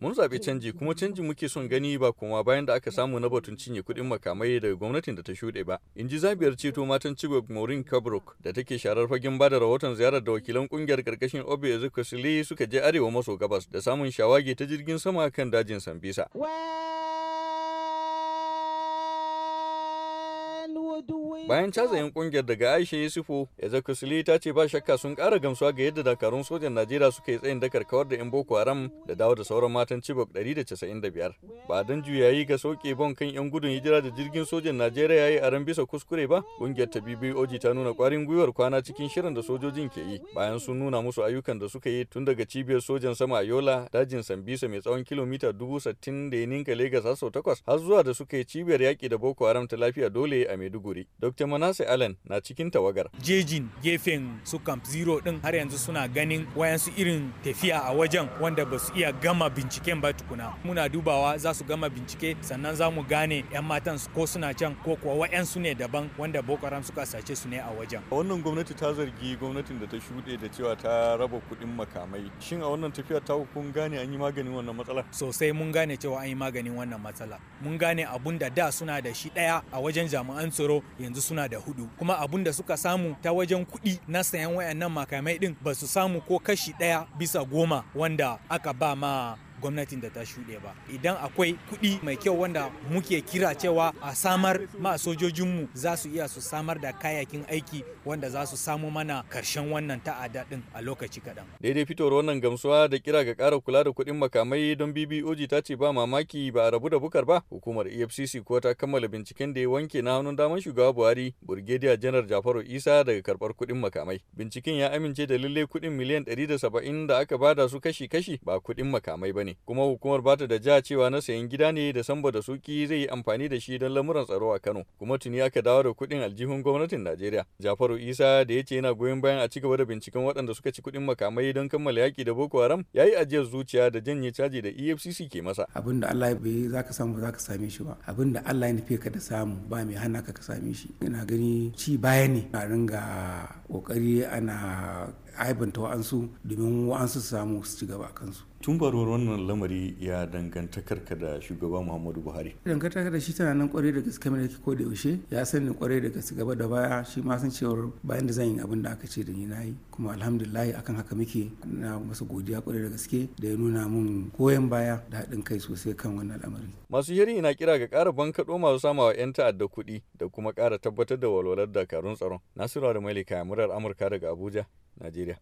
Mun zaɓi canji kuma canji muke son gani ba kuma bayan da aka samu na batun cinye kuɗin makamai daga gwamnatin da ta shuɗe ba. In ji zabiyar ceto matan Chibok Maureen Kabrok da take sharar fagen bada rahoton ziyarar da wakilan kungiyar karkashin Obi Ezekwesili suka je arewa maso gabas da samun shawagi ta jirgin sama kan dajin Sambisa. Bayan cazayin kungiyar daga Aisha Yusufu, Ezekusili ta ce ba shakka sun kara gamsuwa ga yadda dakarun sojan Najeriya suka yi tsayin dakar kawar da 'yan Boko Haram da dawo da sauran matan Chibok 195. Ba don juyayi ga sauke bon kan 'yan gudun hijira da jirgin sojan Najeriya ya yi aran bisa kuskure ba, kungiyar ta oji ta nuna kwarin gwiwar kwana cikin shirin da sojojin ke yi bayan sun nuna musu ayyukan da suka yi tun daga cibiyar sojan sama a Yola, dajin Sambisa mai tsawon kilomita dubu sittin da ya ninka Legas har sau takwas har zuwa da suka yi cibiyar yaƙi da Boko Haram ta lafiya dole a Maiduguri. ta Manasseh Allen na cikin tawagar. Jejin gefen su Camp Zero din har yanzu suna ganin wayansu irin tafiya a wajen wanda ba su iya gama binciken ba tukuna. Muna dubawa za su gama bincike sannan za mu gane 'yan matan ko suna can ko kuwa wayansu ne daban wanda Boko Haram suka sace su ne a wajen. A wannan gwamnati ta zargi gwamnatin da ta shuɗe da cewa ta raba kuɗin makamai. Shin a wannan tafiya ta kun gane an yi maganin wannan matsala? Sosai mun gane cewa an yi maganin wannan matsala. Mun gane abun da da suna da shi ɗaya a wajen jami'an tsaro yanzu yanzu suna da hudu kuma abun da suka samu ta wajen kuɗi na sayan wayannan makamai din ba su samu ko kashi ɗaya bisa goma wanda aka ba ma gwamnatin da ta shuɗe ba idan akwai kuɗi mai kyau wanda muke kira cewa a samar ma sojojinmu za su iya su samar da kayakin aiki wanda za su samu mana karshen wannan ta'ada ɗin a lokaci kaɗan. daidai fitowar wannan gamsuwa da kira ga ƙara kula da kuɗin makamai don bboj ta ce ba mamaki ba a rabu da bukar ba hukumar efcc ko ta kammala binciken da ya wanke na hannun daman shugaba buhari burgediya janar jafaru isa daga karɓar kuɗin makamai binciken ya amince da lallai kuɗin miliyan ɗari da aka bada su kashi-kashi ba kuɗin makamai ba ne ne kuma hukumar bata da ja cewa na sayan gida ne da samba da suki zai yi amfani da shi don lamuran tsaro a Kano kuma tuni aka dawo da kuɗin aljihun gwamnatin Najeriya Jafaru Isa da ya ce yana goyon bayan a ci gaba da binciken waɗanda suka ci kuɗin makamai don kammala yaƙi da Boko Haram yi ajiyar zuciya da janye caji da EFCC ke masa abinda Allah ya bai zaka samu ba zaka same shi ba abinda Allah ya nufe ka da samu ba mai hana ka same shi ina gani ci baya ne a ringa kokari ana aibanta wa'ansu domin wa'ansu su samu su ci gaba a kansu tun baruwar wannan lamari ya dangantakarka da shugaba muhammadu buhari Danganta da shi tana nan kwarai da gaske mai ko da yaushe ya sani kwarai da gaske gaba da baya shi ma san cewar bayan da zan yi abin da aka ce da ni na yi kuma alhamdulillah akan haka muke na masa godiya kwarai da gaske da ya nuna mun goyon baya da haɗin kai sosai kan wannan lamari. masu shiri na kira ga kara ƙara bankaɗo masu sama wa 'yan ta'adda kuɗi da kuma kara tabbatar da walwalar dakarun tsaron nasiru da mailika murar amurka daga abuja Надире.